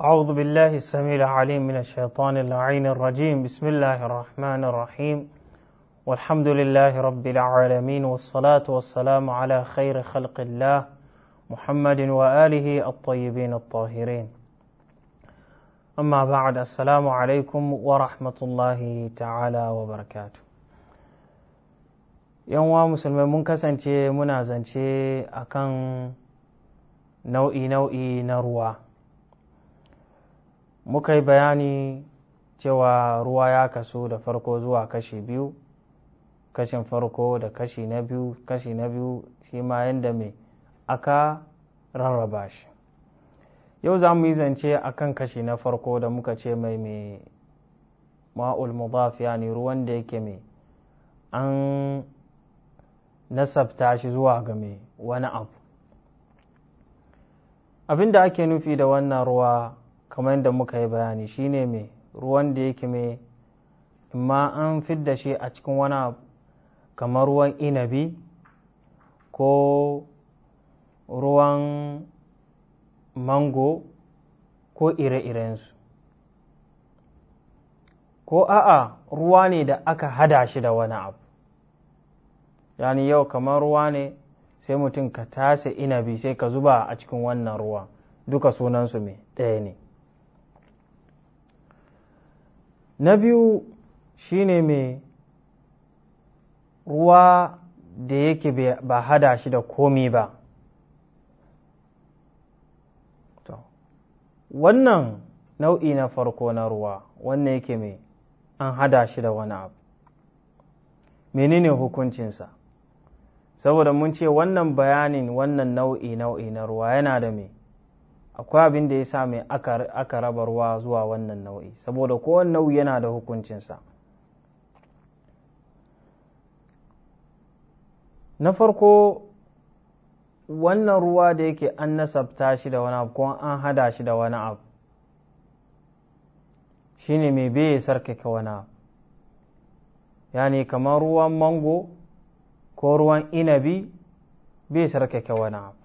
أعوذ بالله السميع العليم من الشيطان اللعين الرجيم بسم الله الرحمن الرحيم والحمد لله رب العالمين والصلاة والسلام على خير خلق الله محمد وآله الطيبين الطاهرين أما بعد السلام عليكم ورحمة الله تعالى وبركاته يوم مسلم mun kasance muna zance نوئي نوئي naui muka yi bayani cewa ruwa ya kasu da farko zuwa kashi biyu kashin farko da kashi na biyu kashi na biyu shi ma yadda mai aka rarraba shi yau za mu yi zance a kan kashi na farko da muka ce mai mai ma'ul mudaf yani ruwan da yake mai an nasabta shi zuwa ga mai wani abu abin da ake nufi da wannan ruwa kamar yadda muka yi bayani shine mai ruwan da yake mai an fidda shi a cikin wani kamar ruwan inabi ko ruwan mango ko ire-irensu ko a'a ruwa ne da aka hada shi da wani abu yani yau kamar ruwa ne sai mutum ka tasa inabi sai ka zuba a cikin wannan ruwa duka sunansu mai ɗaya ne na biyu shi ne mai ruwa da yake ba hada shi da komi ba wannan nau'i na farko na ruwa wannan yake mai an hada shi da wani abu menene hukuncinsa saboda mun ce wannan bayanin wannan nau'i nau'i na ruwa yana da mai akwai abin da ya sa mai aka rabarwa zuwa wannan nau'i saboda kowane nau'i yana da hukuncinsa na farko wannan ruwa da yake an nasabta shi da wani abu ko an hada shi da wani abu shine mai bai sarkake wani abu yani kamar ruwan mango ko ruwan inabi bai sarkake wani abu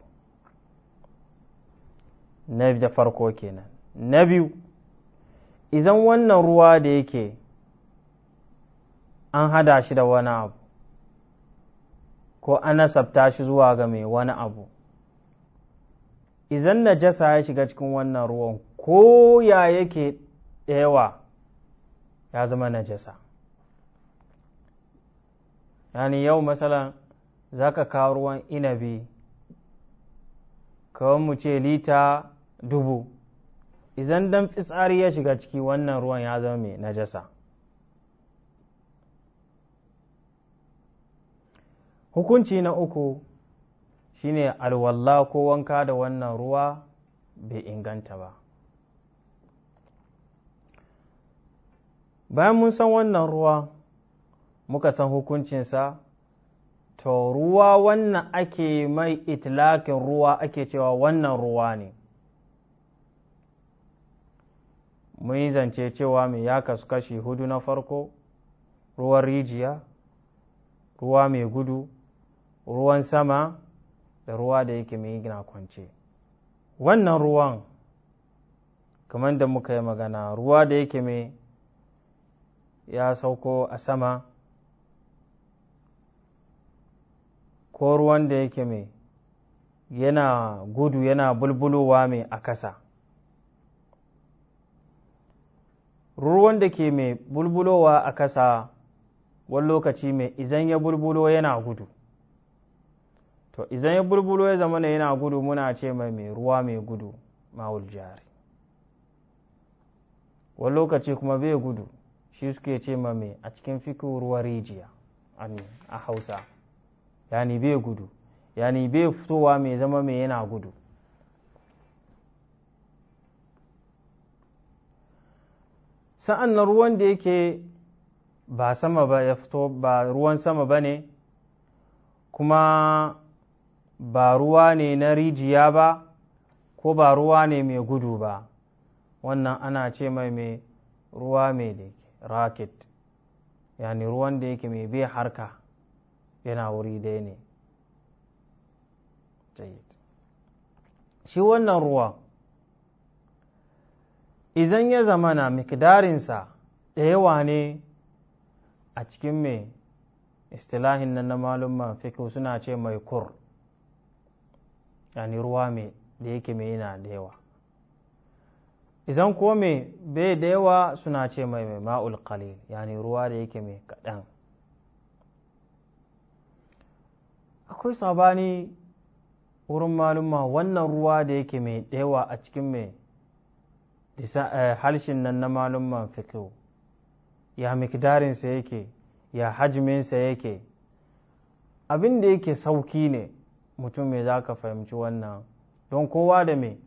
na da farko kenan na biyu izan wannan ruwa da yake an hada shi da wani abu ko an nasabta shi zuwa ga mai wani abu izan najasa ya shiga cikin wannan ruwan ko ya yake yawa ya zama najasa yani yau matsalan za ka kawo ruwan inabi kawai mu ce lita dubu idan dan fitsari ya shiga ciki wannan ruwan ya zama mai najasa hukunci na uku shine alwalla ko wanka da wannan ruwa bai inganta ba bayan mun san wannan ruwa muka san hukuncinsa to ruwa wannan ake mai itilakin ruwa ake cewa wannan ruwa ne mun yi zance cewa mai ya kasu kashi hudu na farko ruwan rijiya ruwa mai gudu ruwan sama da ruwa da yake mai gina kwance wannan ruwan kamar da muka yi magana ruwa da yake mai ya sauko a sama ko ruwan da yake mai yana gudu yana bulbulowa mai a kasa ruwan da ke mai bulbulowa a kasa wani lokaci mai izan ya bulbulo yana gudu to izan ya bulbulo ya zama yana gudu muna ce mai mai ruwa mai gudu ma'ul jari wani lokaci kuma bai gudu shi suke ce ma mai a cikin fikin ruwa rijiya a hausa yani bai gudu yani bai fitowa mai zama mai yana gudu sa'an na ruwan da yake ba sama ba ya fito ba ruwan sama ba ne kuma ba ruwa ne na rijiya ba ko ba ruwa ne mai gudu ba wannan ana ce mai mai ruwa mai da raket yani ruwan da yake mai bai harka yana wuri dai ne shi wannan ruwa Izan ya zama na mikdarinsa da yawa ne a cikin mai istilahin nan na malumman fikihu suna ce mai kur yani ruwa mai da yake mai yana da yawa izan ko mai bai da yawa suna ce mai mai ma'ul qalil yani ruwa da yake mai kaɗan akwai sabani wurin malumma wannan ruwa da yake mai da yawa a cikin mai Eh, harshen nan na man fikihu ya mikdarinsa yake ya hajminsa yake abin da yake sauki ne mutum mai za ka fahimci wannan don kowa da mai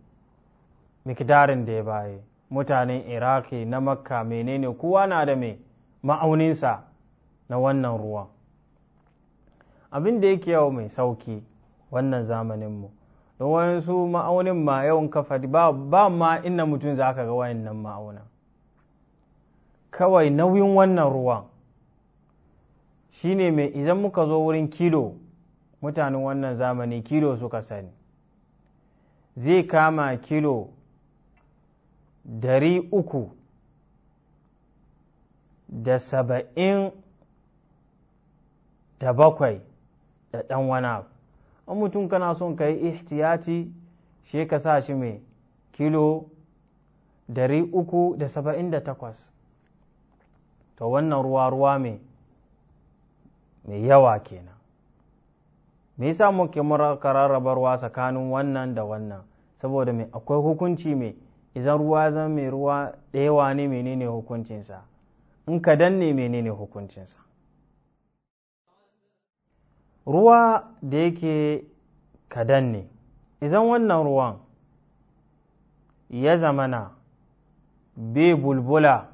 mikdarin da ya baye mutanen iraki na makka menene kowa na da mai ma'auninsa na wannan ruwan abin da yake yau mai sauki wannan zamaninmu don ma'aunin ma yawan kafa ba, ma inna mutum za ka ga wayannan ma'auna kawai nauyin wannan ruwan shine mai idan muka zo wurin kilo mutanen wannan zamani kilo suka sani zai kama kilo dari uku da saba'in da bakwai da ɗan wani abu in mutum kana son ka yi ihtiyati shi ka sa shi mai kilo dari uku da saba'in da takwas to wannan ruwa ruwa mai yawa kenan me yasa muke kararraba ruwa tsakanin wannan da wannan saboda mai akwai hukunci mai idan ruwa zan mai ruwa ɗayawa ne menene hukuncinsa in ka danne menene hukuncinsa ruwa da yake kadan ne idan wannan ruwan ya zamana bai bulbula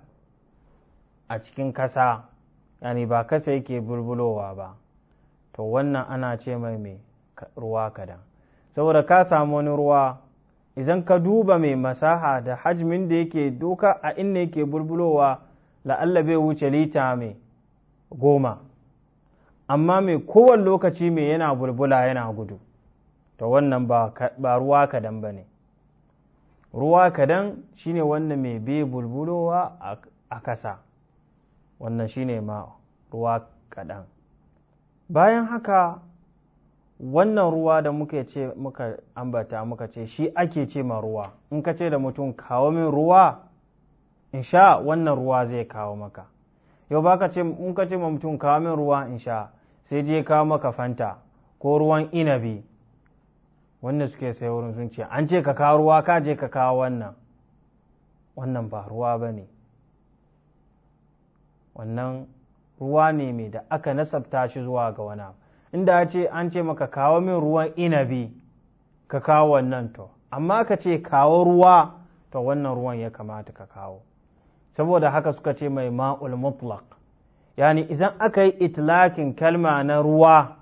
a cikin kasa yani ba kasa yake bulbulowa ba to wannan ana ce mai mai ruwa kadan saboda ka samu wani ruwa idan ka duba mai masaha da hajmin da yake doka a inda yake bulbulowa la'alla bai wuce lita mai goma amma mai kowane lokaci mai yana bulbula yana gudu to wannan ba ruwa kadan ba ne ruwa kadan shine wannan mai bi bulbulowa a kasa wannan shine ma ruwa kadan bayan haka wannan ruwa da muka ce muka ambata muka ce shi ake ce ma ruwa in ka ce da mutum kawo min ruwa in sha wannan ruwa zai kawo maka yau ba ka ce in ka ce ma mutum kawo min ruwa in sha sai je kawo maka fanta ko ruwan inabi wanda suke sai wurin sun ce an ce ka kawo ruwa ka je ka kawo wannan wannan ba ruwa ba ne wannan ruwa ne mai da aka nasabta shi zuwa ga wana inda ce an ce maka kawo min ruwan inabi ka kawo wannan to amma ka ce kawo ruwa to wannan ruwan ya kamata ka kawo saboda haka suka ce mai ma'ul mutlaq yani idan aka yi itlakin kalma na ruwa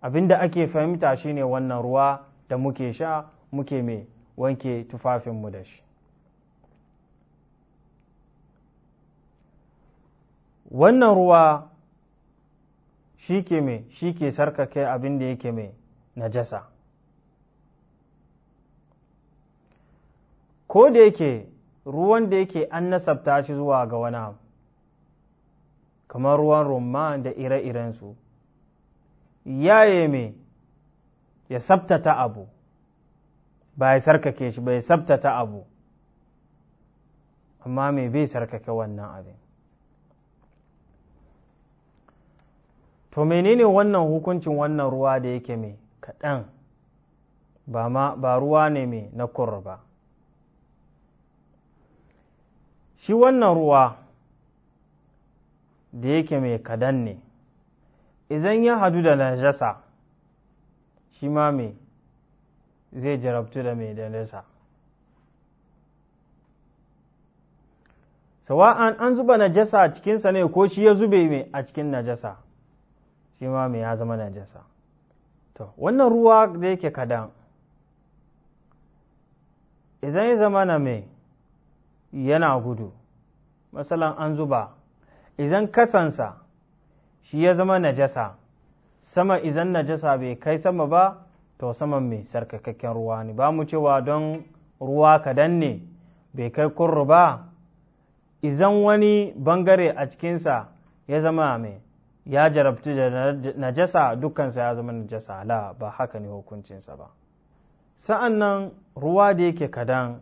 abinda ake fahimta shine wannan ruwa da muke sha muke mai wanke tufafinmu da shi wannan ruwa shi ke mai shi ke sarkake abin yake mai najasa ko da yake ruwan da yake an nasabta shi zuwa ga wani abu kamar ruwan rumma da ire-irensu yaye me ya sabtata abu ba ya sarkake shi ba ya sabtata abu amma me bai sarkake wannan abin to menene wannan hukuncin wannan ruwa da yake mai kaɗan ba ruwa ne mai na kurba ba shi wannan ruwa da yake mai kadan ne idan ya hadu da najasa shi ma mai zai jarabtu da mai najasa sawa'an an zuba najasa a cikinsa ne ko shi ya zube mai a cikin najasa shi ma mai ya zama najasa to wannan ruwa da yake kadan idan ya zama na mai yana gudu matsalan an zuba izan kasansa shi ya zama najasa sama idan najasa bai kai sama ba to saman mai sarkakakken ruwa ne ba mu cewa don ruwa kadan ne bai kai kurru ba izan wani bangare a cikinsa ya zama mai ya jarabtu da najasa dukansa ya zama najasa la ba haka ne hukuncinsa ba sa'an nan ruwa da yake kadan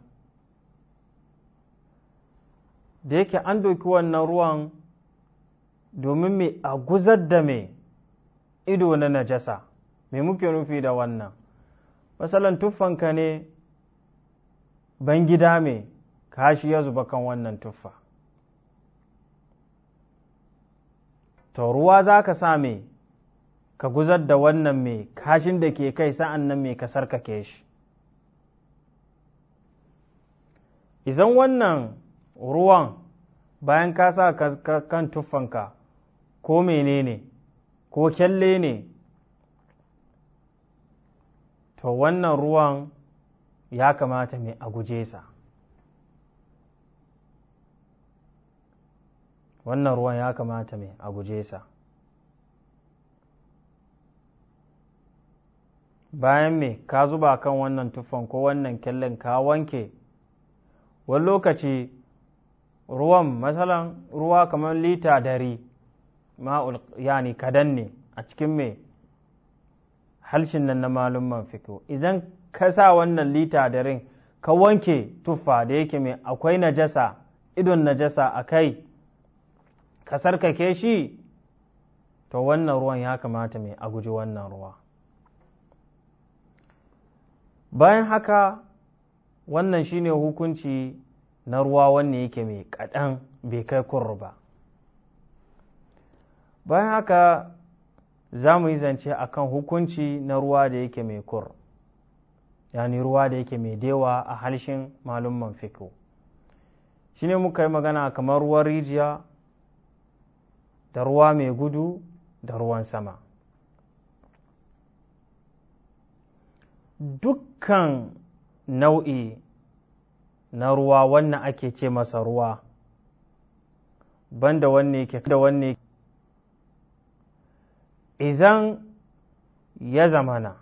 da yake an doki wannan ruwan domin mai a guzar da mai ido na najasa mai muke nufi da wannan matsalan tuffanka ne bangida mai kashi ya zuba kan wannan tuffa to ruwa za ka sa mai ka guzar da wannan mai kashin da ke kai sa'an nan mai ka ke shi izan wannan ruwan bayan ka sa kan tuffanka ko menene ko kyalle ne to wannan ruwan ya kamata mai a guje sa wannan ruwan ya kamata mai a guje sa bayan me ka zuba kan wannan tuffan ko wannan kyallen ka wanke wani lokaci ruwan masalan ruwa kamar lita dari ma'ul yani kadan ne a cikin mai halshin nan na malumman fiko idan ka sa wannan lita darin ka wanke tuffa da yake mai akwai najasa idon najasa a kai ka sarkake shi to wannan ruwan ya kamata mai a guji wannan ruwa bayan haka wannan shine hukunci na ruwa wanne yake mai kaɗan bai kai kurru ba bayan haka za mu yi zance a kan hukunci na ruwa da yake mai kur yani ruwa da yake mai dewa a halshin malumman fiko shi ne muka yi magana kamar ruwan rijiya da ruwa mai gudu da ruwan sama dukkan nau'i na ruwa wannan ake ce masa ruwa banda wanne ke da wanne idan ya zamana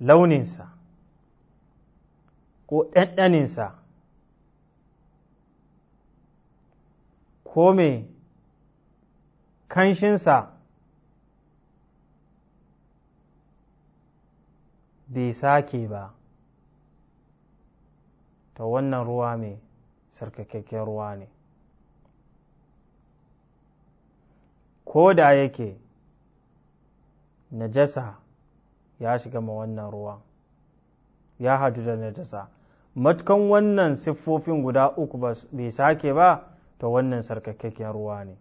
launinsa ko ɗanɗaninsa ko me kanshinsa bai sake ba to wannan ruwa mai sarkakakken ruwa ne ko da yake najasa ya shiga ma wannan ruwa ya hadu da najasa matukan wannan siffofin guda uku bai sake ba to wannan sarkakakken ruwa ne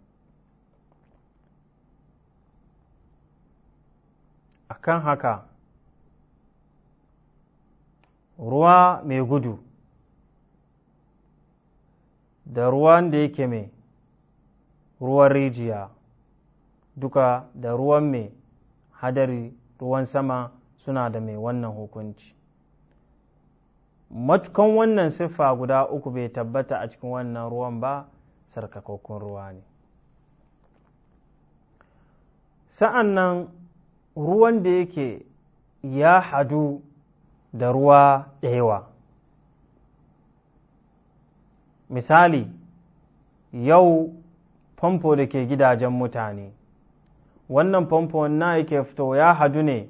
akan haka ruwa mai gudu da ruwan da yake mai ruwan rijiya duka da ruwan mai hadari ruwan sama suna da mai wannan hukunci matukan wannan siffa guda uku bai tabbata a cikin wannan ruwan ba sarkakakkun ruwa ne sa'an nan ruwan da yake ya hadu da ruwa ɗayawa misali yau famfo da ke gidajen mutane wannan famfo na yake fito ya hadu ne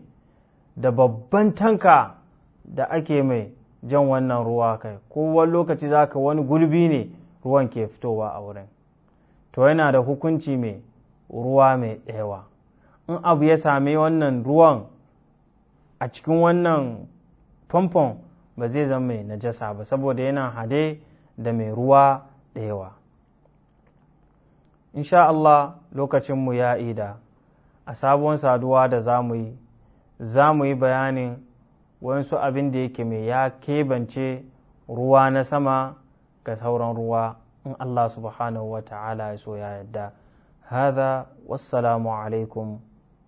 da babban tanka da ake mai jan wannan ruwa kai kowane lokaci za ka wani gulbi ne ruwan ke fitowa a wurin to yana da hukunci mai ruwa mai ɗewa in abu ya sami wannan ruwan a cikin wannan famfon ba zai zama mai najasa ba saboda yana hade da mai ruwa da yawa insha Allah lokacinmu ya ida a sabon saduwa da za mu yi za mu yi bayanin wansu abin da yake mai ya kebance ruwa na sama ga sauran ruwa in Allah subhanahu wa ta'ala ya so ya yadda هذا alaikum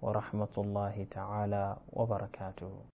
wa ورحمه ta'ala wa وبركاته